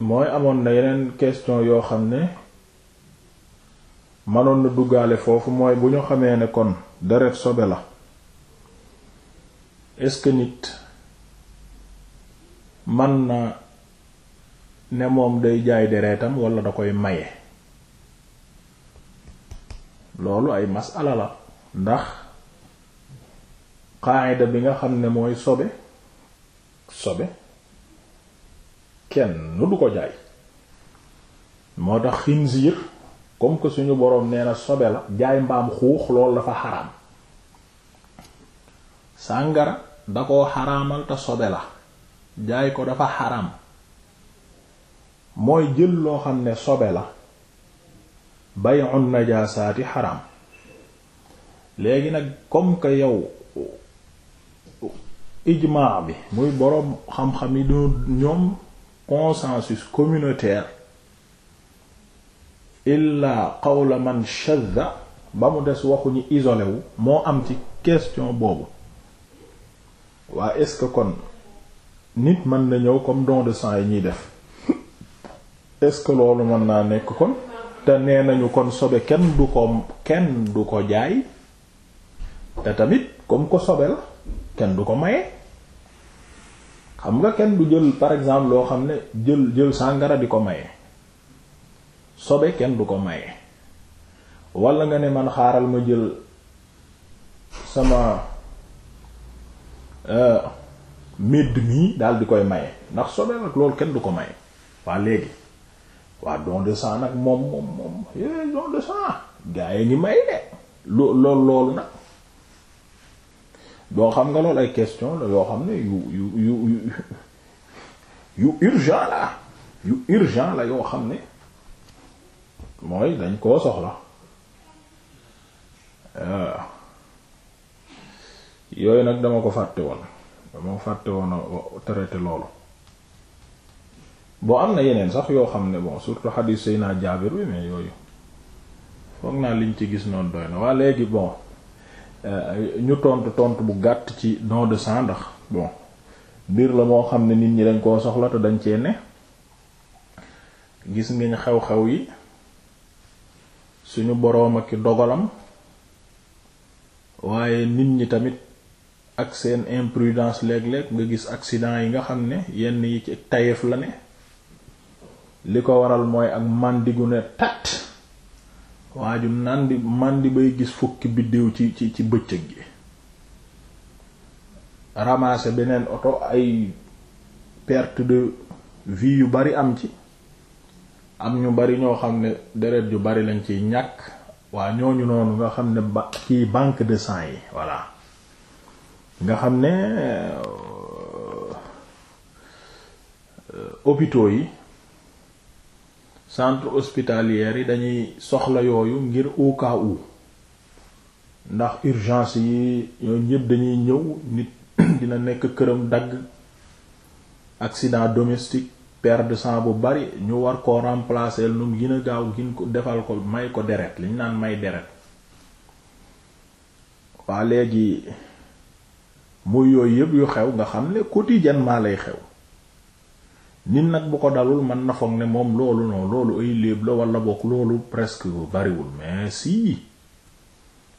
mooy amoon na yeneen question yoo xam ne manoon na duggaale foofu mooy bu ñu xamee ne kon deret sobe la est-ce que nit man na ne moom day jaay deretam wala da koy maye loolu ay masala la ndax qaayida bi nga xam ne mooy sobe sobe kenn du ko jaay moo tax xinziir comme que suñu boroom nee na sobe la jaay mbaam xuux loolu dafa xaraam sàngara da koo xaraamal te sobe la jaay ko dafa xaram mooy jël loo xam ne sobe la bay'un najaasaati xaraam léegi nag comme que yow ijmaa bi muy boroom xam-xam yi du ñoom consensus communautaire illa qawla man shadda ba mu des waxu ñu wu moo am ci question boobu waa est-ce que kon nit mën na ñëw comme don de sang yi ñuy def est-ce que loolu mën naa nekk kon te nee nañu kon sobe kenn du ko kenn du ko jaay te tamit comme ko sobe la kenn du ko maye xam nga kenn du jël par exemple loo xam ne jël jël sàngara di ko maye sobe kenn du ko maye walla nga ne man xaaral ma jël sama euh, medd mii daal di koy maye ndax sobe nag loolu kenn du ko maye waa léegi waa don de sang nag moom moom moom eh, don de sang gaa yi ngi may de lool loolu nag doo xam nga loolu ay question la yoo xam ne yu yu yu yu urgent la yu urgent la yoo xam ne mooy dañ koo soxla euh, yooyu nag dama ko fàtte woon dama ko fàtte woon a traité loolu boo am na yeneen sax yoo xam ne bon surtout xadiis naa Jaabir bi mais yooyu foog naa liñ ci gis noonu doy na waa léegi bon Euh, ñu tontu tontu bu gàtt ci don de sang ndax bon mbir la moo xam ne nit ñi dañ koo soxla te dañ cee ne gis ngeen xew-xew yi suñu boroom ak dogalam waaye nit ñi tamit ak seen imprudence léeg-léeg nga gis accident yi nga xam ne yenn yi ci tayeef la ne li ko waral mooy ak màndigu ne tat waa ju nandi màndi bay gis fukki biddiw ci ci ci bëccëg gi ramasser beneen oto ay perte de vie yu bari am ci am ñu bari ñoo xam ne deret yu bari lañ ciy ñàkk waa ñooñu noonu nga xam ne ba ci banque de sang yi voilà nga xam ne euh, hôpitaux yi centre hospitalier yi dañuy soxla yooyu ngir au cas où ndax urgence yi yooyu ñépp dañuy ñëw nit dina nekk këram dagg accident domestique perte de sang bu bari ñu war koo remplacer nu gina gaaw gin ko defal ko may ko deret liñ naan may deret waa léegi muy yooyu yëpp yu xew nga xam ne quotidiennement lay xew nit nag bu ko dalul man na foog ne moom loolu non loolu ay léeb la wala bokk loolu presque bariwul mais sii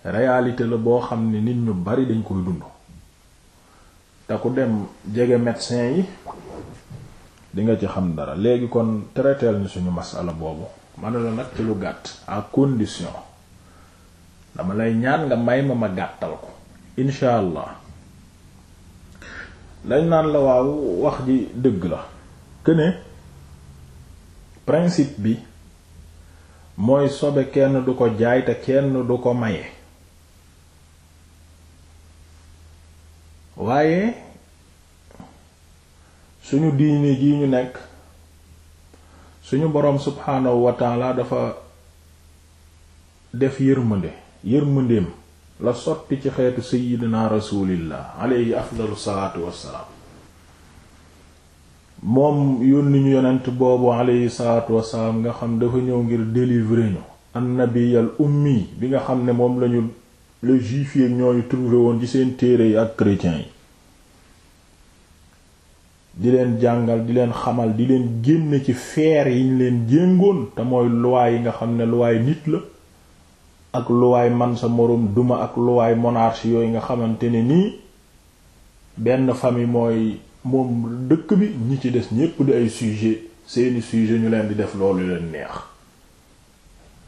réalité la boo xam ne nit ñu bari dañ koy dund te ku dem jege médecin yi dinga ci xam dara léegi kon traiteel ni suñu masala boobu mëna la nag ci lu gàtt ak condition dama lay ñaan nga may ma ma gàttal ko incha allah dañ naan la waaw wax ji dëgg la que ne principe bi mooy sobe kenn du ko jaay te kenn du ko maye waaye suñu diine ji ñu nekk suñu boroom subhaanahu wa taala dafa def yërmande yërmandeem la sotti ci xeetu sayyidina rasulillah alayhi afdalu salaatu wassalaam moom yónni ñu yonent boobu aleyhi salaatu wasalaam nga xam dafa ñëw ngir délivrer ñu annabiyal ummi bi nga xam ne moom lañu le juif yi ñooñu trouvé woon ci seen téere yi ak chrétiens yi di leen jàngal di leen xamal di leen génne ci feer yi ñu leen jëngoon te mooy luwaay yi nga xam ne luwaay nit la ak luwaay man sa moroom duma ak luwaay monarchie yooyu nga xamante ne nii benn famille mooy moom dëkk bi ñi ci des ñépp di ay sujet seeni sujet ñu leen di def loolu leen neex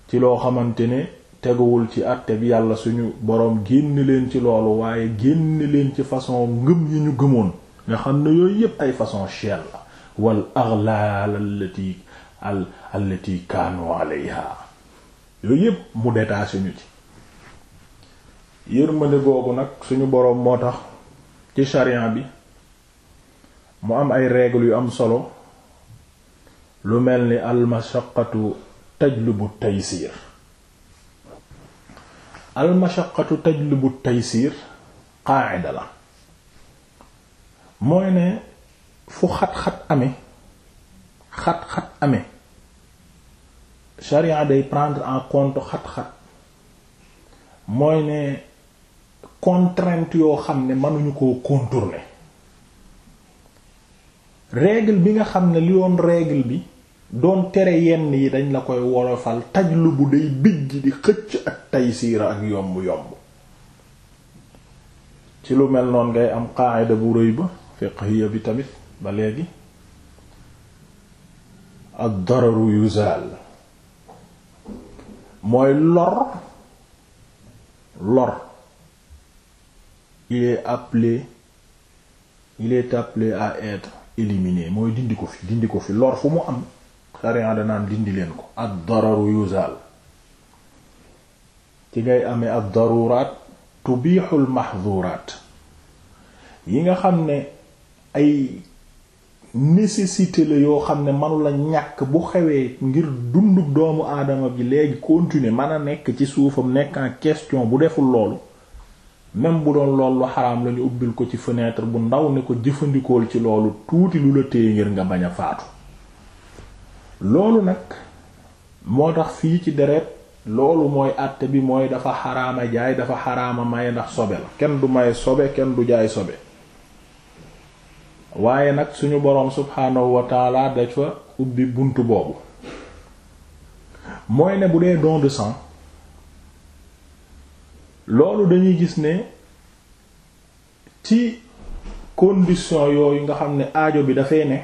ci loo xamante ne teguwul ci àtte bi yàlla suñu boroom génn leen ci loolu waaye génn leen ci façon ngëm yi ñu gëmoon nga xam ne yooyu yépp ay façon chel la wal aghlal allati al allati kaanu alayha yooyu yépp mu détaché ñu ci yërmande googu nag suñu boroom moo tax ci sharia bi mu am ay régle yu am solo lu mel ni almashaqqatu tajlubu taysir almashaqqatu tajlubu taysir qaa'ida la mooy ne fu xat-xat amee xat-xat amee charia day prendre en compte xat-xat mooy ne contrainte yoo xam ne mënuñu koo contourner règle bi nga xam ne li doon règle bi doon tere yenn yi dañ la koy wolofal tajlu bu day bijj di xëcc ak taysiira ak yomb yomb ci lu mel noon ngay am qaayida bu rëy ba fiqhiya bi tamit ba léegi ad-dararu yuzaal mooy lor lor il est appelé il est appelé à être éliminer mooy dindi ko fi dindi ko fi lor fu mu am xarian danaan dindi leen ko ak dararu yuzal ci ngay amee ad daruraat tubixul mahduraat yi nga xam ne ay nécessité la yoo xam ne manula ñàkk bu xewee ngir dunduk doomu aadama bi léegi continuer mën a nekk ci suufam nekka en question bu deful loolu même bu doon loolu xaraam la ñu ubbil ko ci fenêtre bu ndaw ne ko jëfandikool ci loolu tuuti lu la téye ngir nga bañ a faatu loolu nag moo tax fii ci deret loolu mooy àtte bi mooy dafa xaraama jaay dafa xaraama maye ndax sobe la kenn du maye sobe kenn du jaay sobe waaye nag suñu boroom subhaanahu wa taala da fa ubbi buntu boobu mooy ne bu dee don de sang loolu dañuy gis ne ci condition yooyu nga xam ne aajo bi dafay ne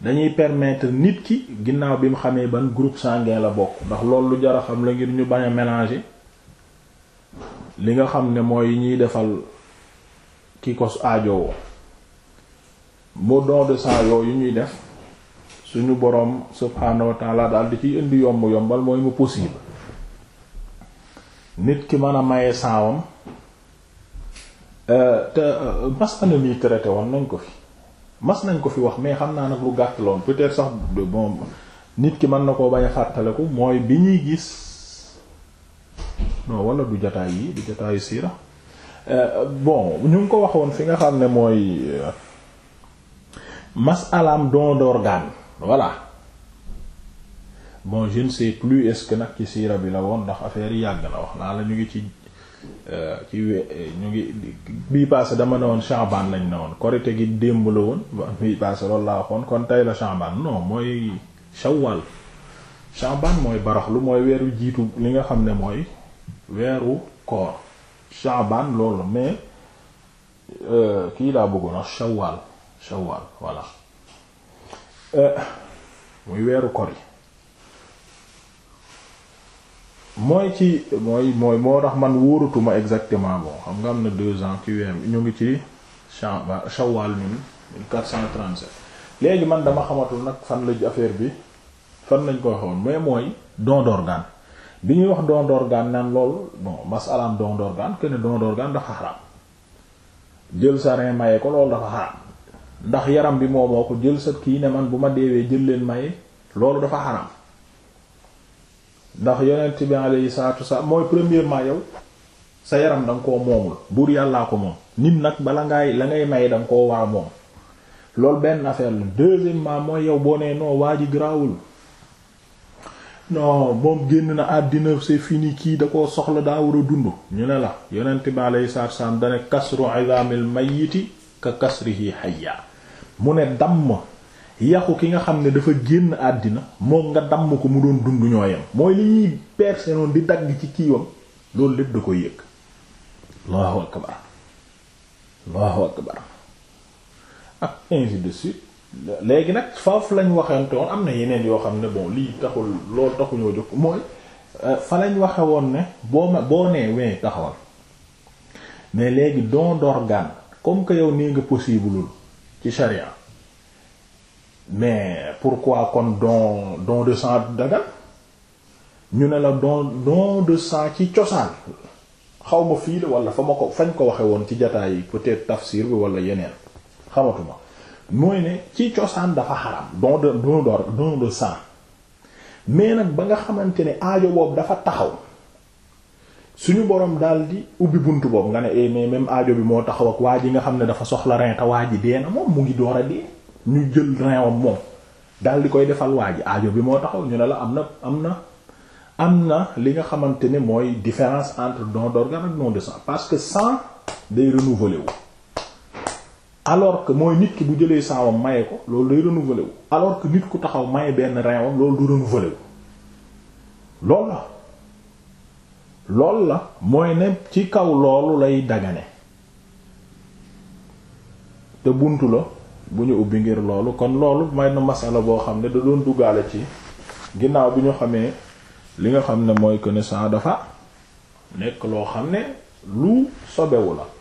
dañuy permettre nit ki ginnaaw bi mu xamee ban groupe sanguin la bokk ndax loolu lu jar a xam la ngir ñu bañ a mélanger li nga xam ne mooy ñuy defal ki ko aajowoo mu don de sang yooyu ñuy def suñu boroom subhaanahu wa ta'ala daal di ciy indi yomb yombal mooy mu possible nit ki mën a maye saawam euh, te euh, masala mi traité woon nañ ko fi mas nañ ko fi wax mais xam naa nag lu gàtt loon peut sax bon nit ki mën na koo bañ a fàttaliku mooy bi ñuy gis non wala du jotaay yi du jotaayu siira euh, bon ñu ngi ko waxoon fi nga xam ne mooy masalaam don d'organe voilà bon je ne sais plus que nag ci siira bi la woon ndax affaire yi yàgg na wax naa la ñu ngi ci ci euh, eh, ñu ngi bii passé dama ne woon Sha'ban lañ ne woon korite gi démb la woon bii passé loolu laa waxoon kon tey la Sha'ban non mooy Shawwal Sha'ban mooy baraxlu mooy weeru jiitu li nga xam ne mooy weeru koor Sha'ban loolu mais euh, kii laa bëggoon wax Shawwal Shawwal euh, muy weeru koor yi mooy ci mooy mooy moo tax man wóoratuma exactement bon xam nga am na deux ans QM ñu ngi ci Shawwal ñun 1437 léegi man dama xamatul nag fan la affaire bi fan lañ ko waxoon mais mooy dondoor d'organe bi ñuy wax don d'organe naan lool bon masalaam don d'organe que ne don d'organe dafa xaraam jël sa rein maye ko loolu dafa xaraam ndax yaram bi moo ko jël sa kii ne man bu ma deewee jël leen maye loolu dafa xaraam ndax yonent bi alayhi salaatu wasalaam mooy premièrement yow sa yaram da koo moomul buur yàllaa ko moom nit nag bala ngaay la ngay may da nga koo waa moom loolu benn affaire la deuxièmement mooy yow boo nee non waa ji garaawul non moom génn na àddina c'est fini kii da koo soxla daa war a dund ñu ne la yonent bi alayhi salaatu wasalaam dane kasru izamil mayyiti ka kasrihi hayya mu ne damm yàqu ki nga xam ne dafa génn àddina moom nga damm ko mu doon dund ñoo yem mooy li ñuy percé noonu di dagg ci kiiwam loolu lépp da ko yëg allahu akbar allahu akbar ak ainsi de suite léegi nag foofu lañ waxante am na yeneen yoo xam ne bon taxul loolu taxuñoo jóg mooy euh, fa lañ waxe woon ne boo ma boo nee wee taxawal mais léegi don d'organe comme que yow nee nga possibleul ci sharia mais pourquoi kon don don de sang dagan ñu ne la don don de sang ci cosaan xaw ma fii la wala fa ma ko fañ ko waxe woon ci jataay yi peut-être tafsir bi wala yeneen xamatuma mooy ne ci cosaan dafa xaram don de don de don de sang mais nag ba nga xamante ne aajo boobu dafa taxaw suñu borom daal di ubbi buntu boobu nga ne eh, mais même aajo bi moo taxaw ak waa ji nga xam ne dafa soxla rein waa ji dee na moom mu ngi door a dee. ñu jël reewam moom daal di koy defal waa ji ajo bi moo taxaw ñu ne la am na am na am na li nga xamante ne mooy différence entre don d'organe ak don de sang parce que sang day renouveler wu alors mooy nit ki bu jëlee saawam maye ko loolu day renouveler wu alors nit ku taxaw maye benn reewam loolu du renouveler wu loolu la loolu la mooy ne ci kaw loolu lay dagane te buntu la bu ñu ubbi ngir loolu kon loolu may na masala boo xam ne da doon duggaale ci ginnaaw bi ñu xamee li nga xam ne mooy que ne saa dafa nekk loo xam ne lu sobewu la